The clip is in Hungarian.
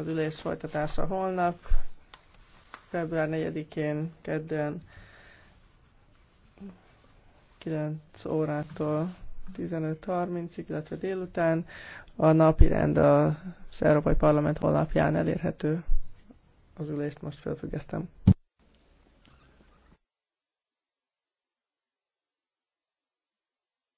Az ülés folytatása holnap, február 4-én, kedden 9 órától 15.30-ig, illetve délután. A napi rend az Európai Parlament honlapján elérhető. Az ülést most felfüggesztem.